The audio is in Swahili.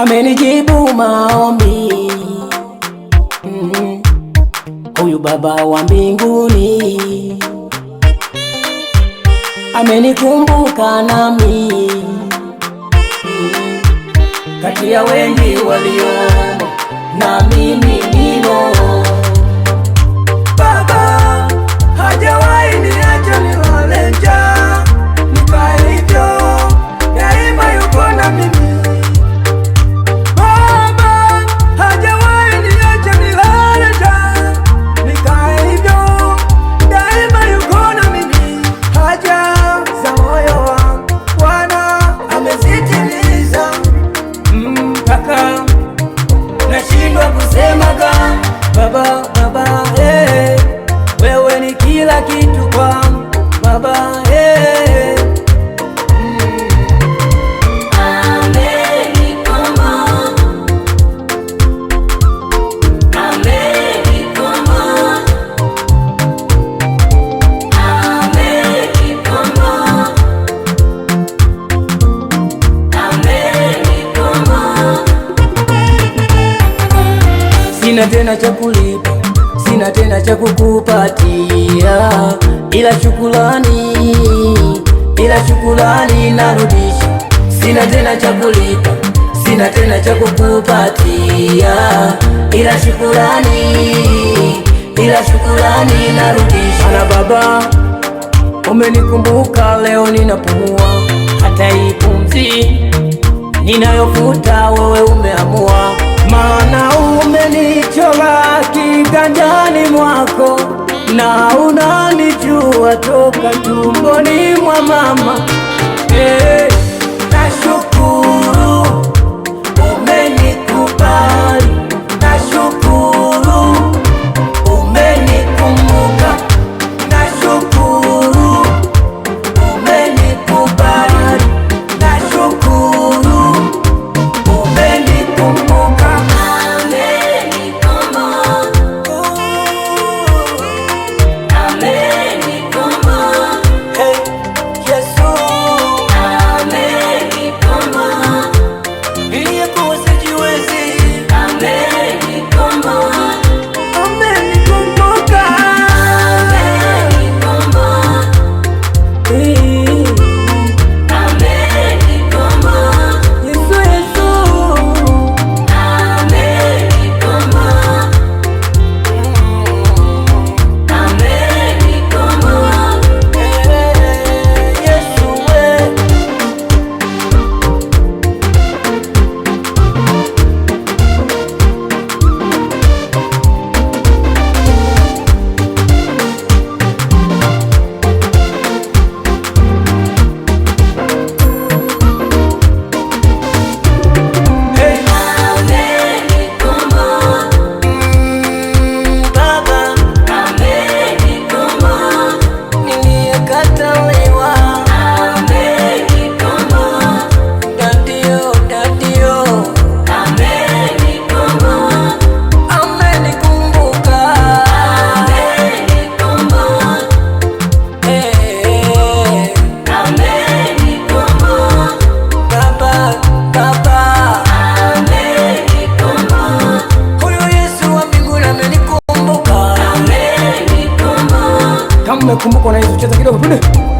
amenijibu maombi mm, huyu Baba wa mbinguni amenikumbuka nami mm, kati ya wengi waliomo na mimi nimo Bubble. Sina tena cha kulipa, sina tena cha kukupatia, ila shukrani, ila shukrani narudisha. Sina tena cha kulipa, sina tena cha kukupatia, ila shukrani, ila shukrani narudisha. Ana Baba, umenikumbuka leo ninapumua, hata ipumzi ninayofuta wewe ume unanijua toka tumboni mwa mama hey. Eh, Nakumbuka unaweza kucheza kidogo pinde